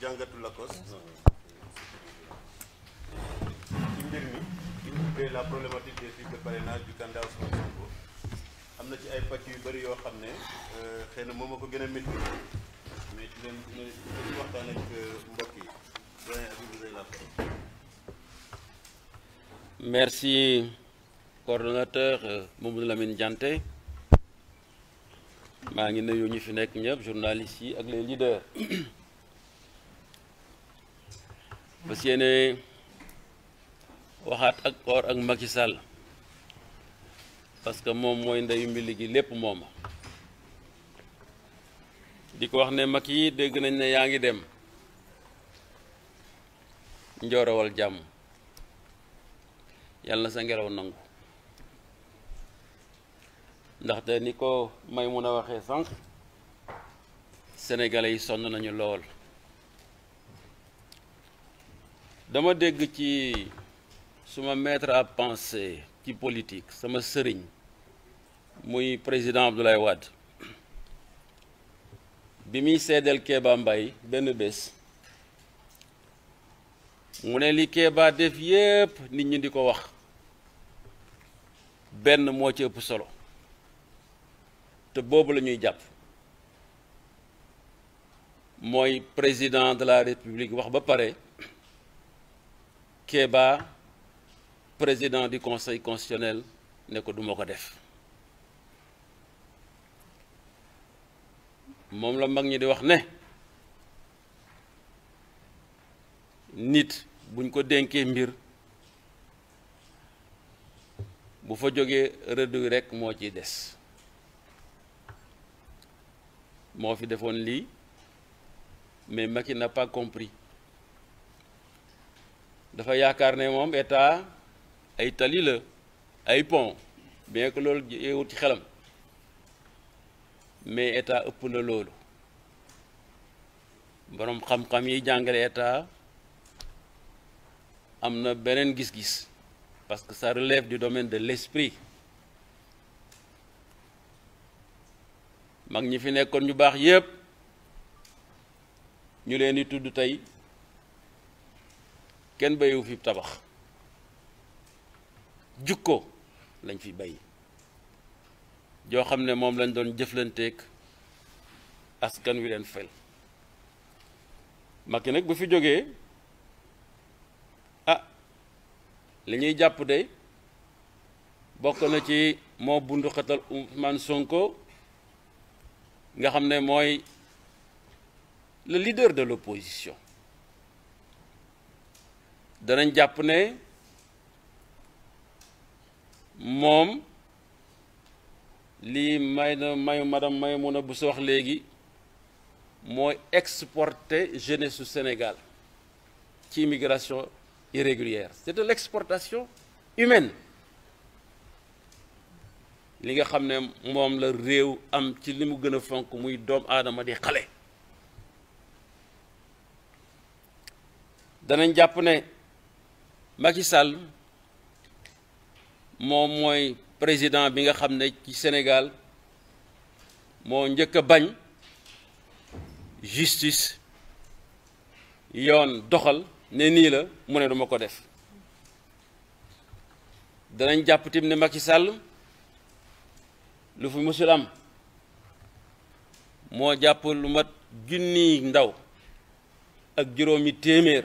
jangatu Lacoste ci mbir mi bi la problématique des fiches de parrainage du candidat Ousmane Sonko am ci ay pàcc yu bari yo xamné euh xéna momako gëna metti ko gën mais ci leen dina dina ak euh, mbokk yi doyen ak vous la parole. Merci coordonnateur euh, Mamadou Lamine Dianté maa ngi nuyu ñu fi nekk ñëpp journalistes yi ak les leaders fas yéene waxaat ak or ak Macky Sall parce que moom mooy ndeyu mbili gi lépp moom di ko wax ne mag yi dégg nañ ne yaa ngi dem njoorowal jàmm yàlla sa ngelaw nangu ndaxte ni ko may mun a waxee sànq sénégalais yi sonn nañu lool dama dégg ci suma maître à penser ci politique sama sëriñ muy président Abdoulaye Wade bi muy seedeel Kéba mbay benn bés mu ne li Kéba def yépp nit ñi di ko wax benn moo ci ëpp solo te boobu la ñuy jàpp mooy président de la république wax ba pare Kéba président du conseil constitutionnel ne ko duma ko def moom la mag di wax ne nit buñ ko dénkee mbir bu fa jógee rëddu rekk moo ciy des moo fi defoon lii mais Maki n'a pas compris dafa yaakaar ne état ay tali ay pont bien que loolu yeewut ci xelam mais état ëpp na loolu borom xam-xam yi jàngale état am na gis-gis parce que ça relève du domaine de l'esprit mag ñi fi nekkoon ñu baax yépp ñu kenn bayou fi tabax jukko lañ fi bay Jo mom lañ doon askan wi fel bu fi ah japp dé de bokk ci Sonko nga le leader de l'opposition danañ japp ne mom, li may na mayu madame maymouna bu sox wax moy exporter jeunesse au Sénégal ci immigration irrégulière c'est de l'exportation humaine li nga xam mom la réew am ci limu gëna fonk muy doom aadama di danañ ne Macky Sall mon mooy président bi nga xamné ci Sénégal mo ñëk bañ justice yoon doxal né ni la mu né duma ko def dañ jàpp tamit ne Macky Sall lu fu monsieur am mo japp lu mat junniy ndaw ak juroomi témèr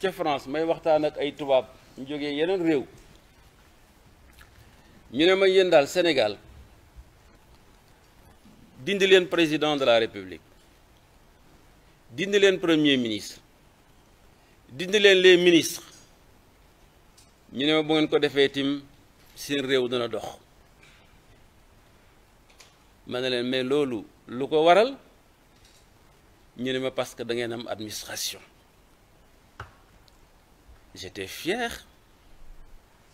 Chez France may waxtaan ak ay tubaab ñu jógee yeneen réew ñu ne ma yeen dal Sénégal dindi leen président de la République dindi leen premier ministre dindi leen les ministres ñu ne ma bu ngeen ko defee tim lu ko waral ñu ne ma parce que da ngeen am administration j'étais fier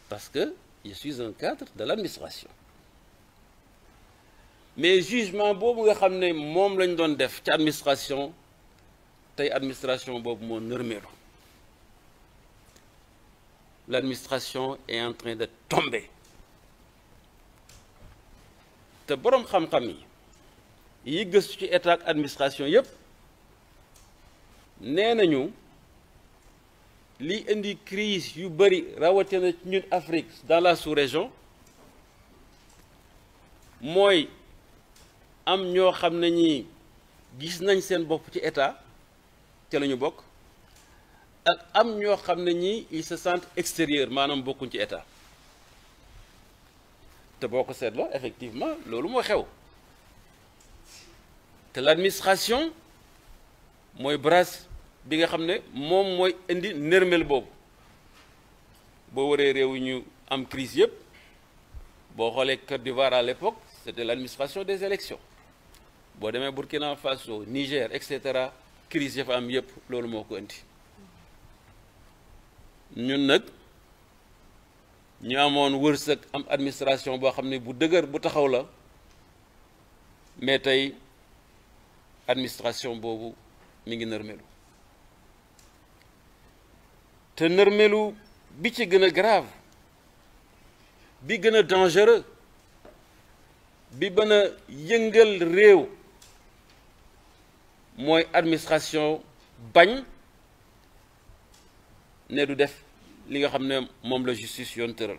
parce que je suis un cadre de l'administration. mais jugement si vous xam ne lañ doon def ci administration l'administration administration l'administration est en train de tomber te borom xam-xam yi yi gëstu ci état administration yep, li indi crise yu bari rawatina ci ñun Afrique dans la sous-région moy am ño xam ne gis nañ seen bop ci état té lañu ñu bokk ak am ño xam ne ils se sentent extérieur manam bokku ci état té boko ko seetloo effectivement lolu mo xew té l'administration moy bras bi nga xamné mom moy indi nermel bob, bo waree réew ñu am crise yépp bo xolé Côte d'Ivoire à l'époque c'était l'administration des élections bo demee Burkina Faso Niger etc. crise yépp am yépp lolu moko ko indi ñun nak ñu amoon am administration bo xamné bu dëgër bu taxaw la mais tay administration bobu mi ngi nërmelu te nërmeelu bi ci gëna grave bi gëna dangereux bi gën a yëngal réew moy administration bagn né du def li nga xamné mom la justice yon teural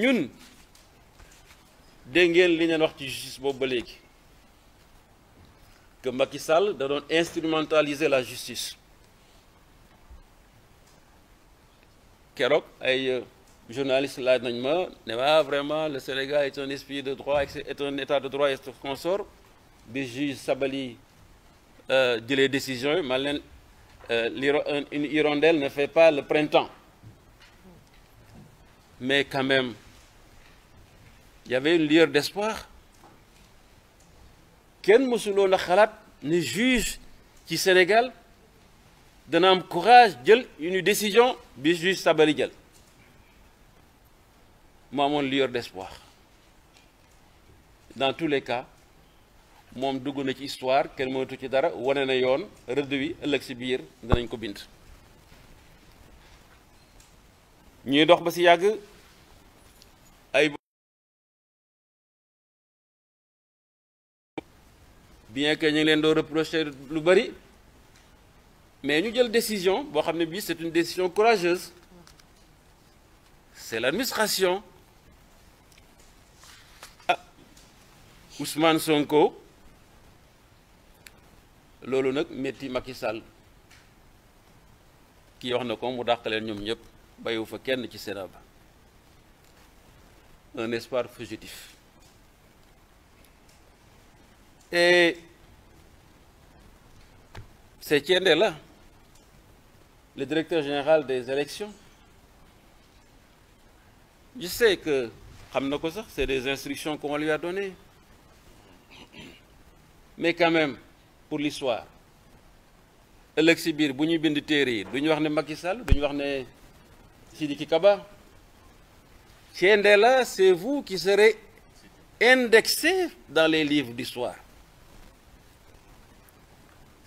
ñun dé ngeen li ñen wax ci justice boobu ba léegi que Macky Sall instrumentaliser la justice Kérok, euh, journaliste là ah, vraiment le Sénégal est un esprit de droit est un état de droit et consort Le juge Sabali dit euh, les décisions. Malin, euh, une hirondelle ne fait pas le printemps mais quand même il y avait une lueur d'espoir Ken mësuloon a xalaat ne juge ci Sénégal dana am courage jël une décision bi juge Sabali jël Mo amone lueur d'espoir dans tous les cas mom duguna ci histoire kenn ci dara wonena na yoon rëdd wi si biir danañ ko bint. Ñi dox ba si yag bien que nous leen do reprocher lu bari mais ñu jël décision bo c'est une décision courageuse c'est l'administration ah, Ousmane Sonko lolu nak metti Macky Sall kii wax na ko mu dàq ñom ñep bayu fa kenn ci un espoir fugitif et c'est qui le directeur général des élections. Je sais que c'est des instructions qu'on lui a données. Mais quand même, pour l'histoire, Alexis Bir, Bouni Bouni bind makisal, Bouni Kaba c'est vous qui serez indexé dans les livres d'histoire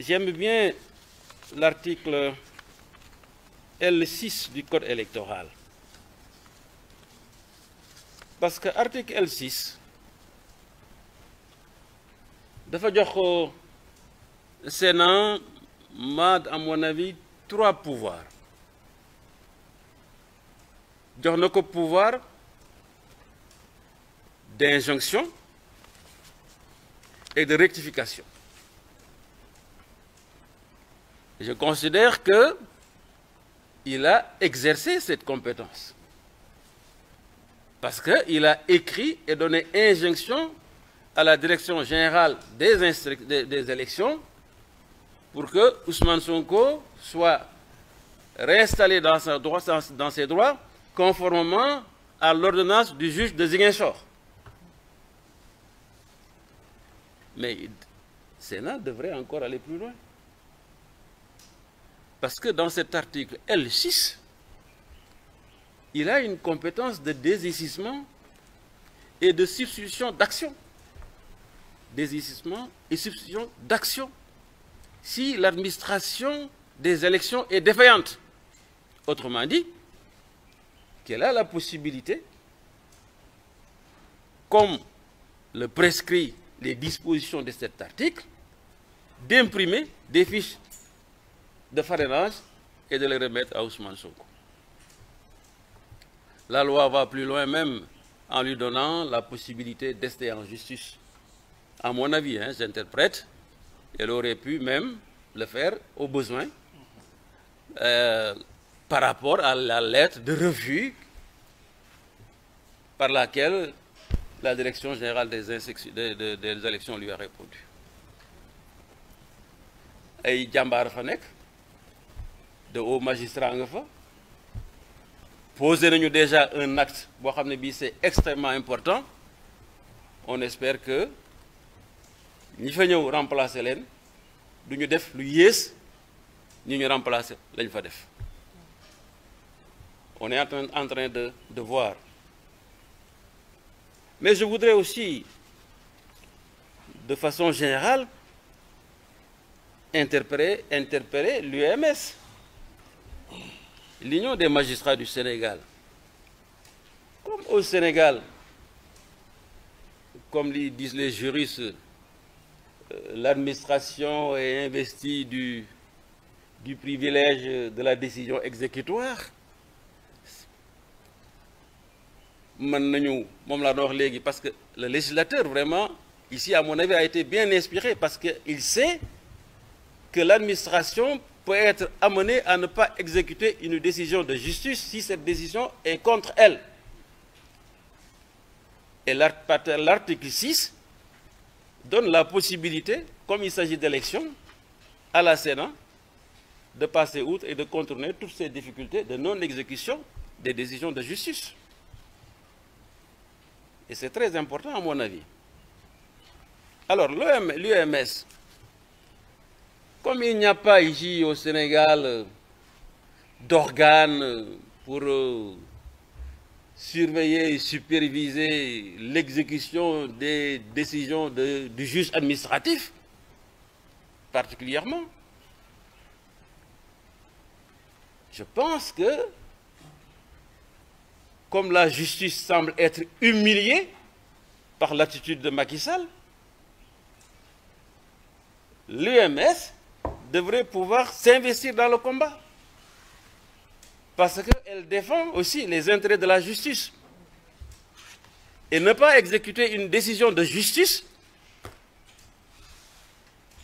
J'aime bien l'article L6 du Code électoral. Parce que l'article L6 que le Sénat ma à mon avis trois pouvoirs jox na pouvoir d'injonction et de rectification je considère qu'il a exercé cette compétence. Parce qu'il a écrit et donné injonction à la direction générale des, élections pour que Ousmane Sonko soit réinstallé dans, ses droits conformément à l'ordonnance du juge de Mais le Sénat devrait encore aller plus loin. Parce que dans cet article L6, il a une compétence de désistissement et de substitution d'action. Désistissement et substitution d'action. Si l'administration des élections est défaillante, autrement dit, qu'elle a la possibilité, comme le prescrit les dispositions de cet article, d'imprimer des fiches de parrainage et de les remettre à Ousmane La loi va plus loin même en lui donnant la possibilité d'ester en justice. À mon avis, hein, j'interprète, elle aurait pu même le faire au besoin euh, par rapport à la lettre de revue par laquelle la Direction générale des, élections lui a répondu. Et de haut magistrat en posé nous déjà un acte c'est extrêmement important on espère que nous fa remplacer l'en Nous devons def lu yes. ñu remplacer lañ on est en train, en train de, de voir mais je voudrais aussi de façon générale interpréter interpeller l'UMS l'Union des magistrats du Sénégal, comme au Sénégal, comme disent les juristes, euh, l'administration est investie du, du privilège de la décision exécutoire. Parce que le législateur, vraiment, ici, à mon avis, a été bien inspiré parce qu'il sait que l'administration peut être amené à ne pas exécuter une décision de justice si cette décision est contre elle. Et l'article 6 donne la possibilité, comme il s'agit d'élections, à la Sénat de passer outre et de contourner toutes ces difficultés de non-exécution des décisions de justice. Et c'est très important à mon avis. Alors, l'UMS comme il n'y a pas ici au Sénégal d'organes pour euh, surveiller et superviser l'exécution des décisions du juge administratif, particulièrement, je pense que, comme la justice semble être humiliée par l'attitude de Macky Sall, l'UMS devrait pouvoir s'investir dans le combat. Parce qu'elle défend aussi les intérêts de la justice. Et ne pas exécuter une décision de justice,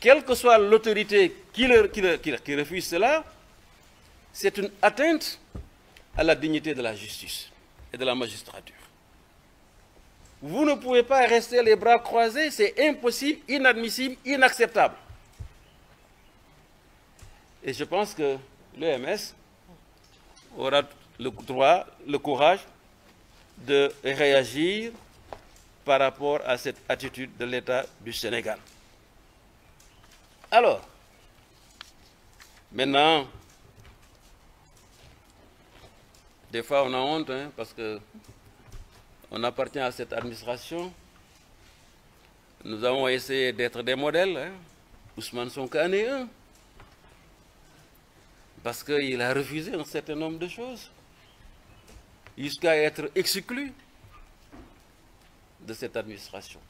quelle que soit l'autorité qui, refuse cela, c'est une atteinte à la dignité de la justice et de la magistrature. Vous ne pouvez pas rester les bras croisés, c'est impossible, inadmissible, inacceptable. Et je pense que l'EMS aura le droit, le courage de réagir par rapport à cette attitude de l'État du Sénégal. Alors, maintenant, des fois on a honte hein, parce que on appartient à cette administration. Nous avons essayé d'être des modèles. Hein. Ousmane Sonka parce qu'il a refusé un certain nombre de choses, jusqu'à être exclu de cette administration.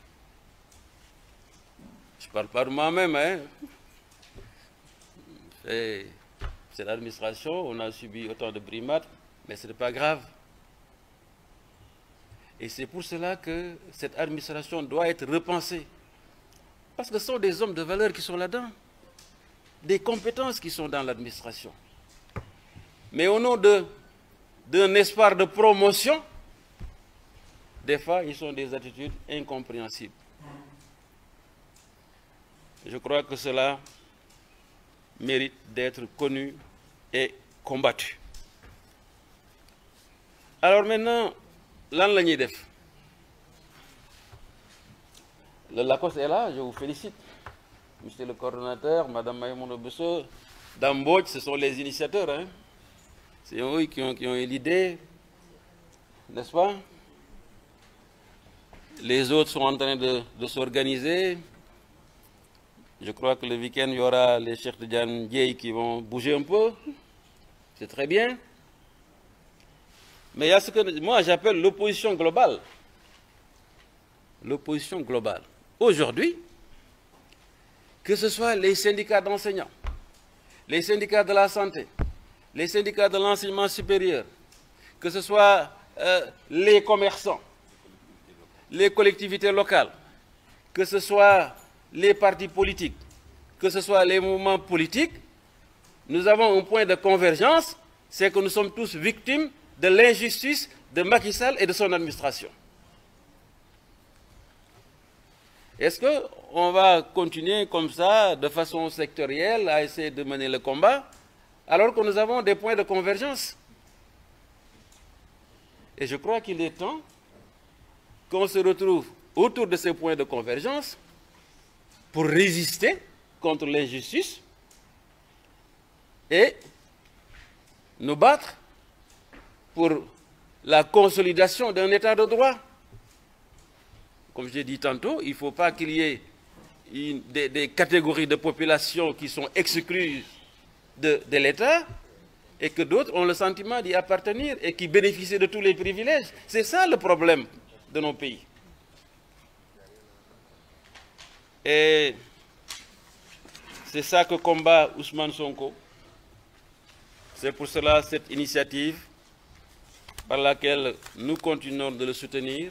Je ne parle pas de moi-même. Hein. C'est l'administration, on a subi autant de brimades, mais ce n'est pas grave. Et c'est pour cela que cette administration doit être repensée. Parce que ce sont des hommes de valeur qui sont là-dedans des compétences qui sont dans l'administration. Mais au nom d'un espoir de promotion, des fois, ils sont des attitudes incompréhensibles. Je crois que cela mérite d'être connu et combattu. Alors maintenant, d'EF. Le Lacoste est là, je vous félicite monsieur le coordonnateur, madame Maïmoun Bousso, Dambot, ce sont les initiateurs. Hein. C'est eux qui ont, eu l'idée, n'est-ce pas Les autres sont en train de, s'organiser. Je crois que le week-end, il y aura les chefs de Diane qui vont bouger un peu. C'est très bien. Mais il y a ce que moi j'appelle l'opposition globale. L'opposition globale. Aujourd'hui, que ce soit les syndicats d'enseignants, les syndicats de la santé, les syndicats de l'enseignement supérieur, que ce soit euh, les commerçants, les collectivités locales, que ce soit les partis politiques, que ce soit les mouvements politiques, nous avons un point de convergence, c'est que nous sommes tous victimes de l'injustice de Macky Sall et de son administration. Est-ce qu'on va continuer comme ça, de façon sectorielle, à essayer de mener le combat, alors que nous avons des points de convergence Et je crois qu'il est temps qu'on se retrouve autour de ces points de convergence pour résister contre l'injustice et nous battre pour la consolidation d'un état de droit comme j'ai dit tantôt, il ne faut pas qu'il y ait des, catégories de population qui sont exclues de, de l'État et que d'autres ont le sentiment d'y appartenir et qui bénéficient de tous les privilèges. C'est ça le problème de nos pays. Et c'est ça que combat Ousmane Sonko. C'est pour cela cette initiative par laquelle nous continuons de le soutenir.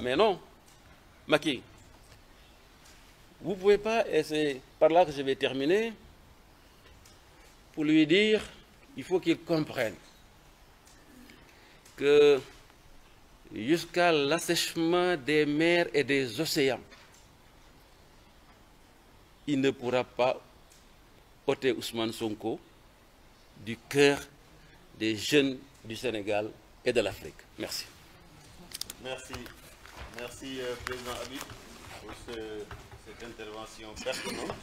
Mais non, Maki, vous ne pouvez pas, et c'est par là que je vais terminer, pour lui dire, il faut qu'il comprenne que jusqu'à l'assèchement des mers et des océans, il ne pourra pas ôter Ousmane Sonko du cœur des jeunes du Sénégal et de l'Afrique. Merci. Merci. Merci, euh, Président Habib, pour cette intervention pertinente.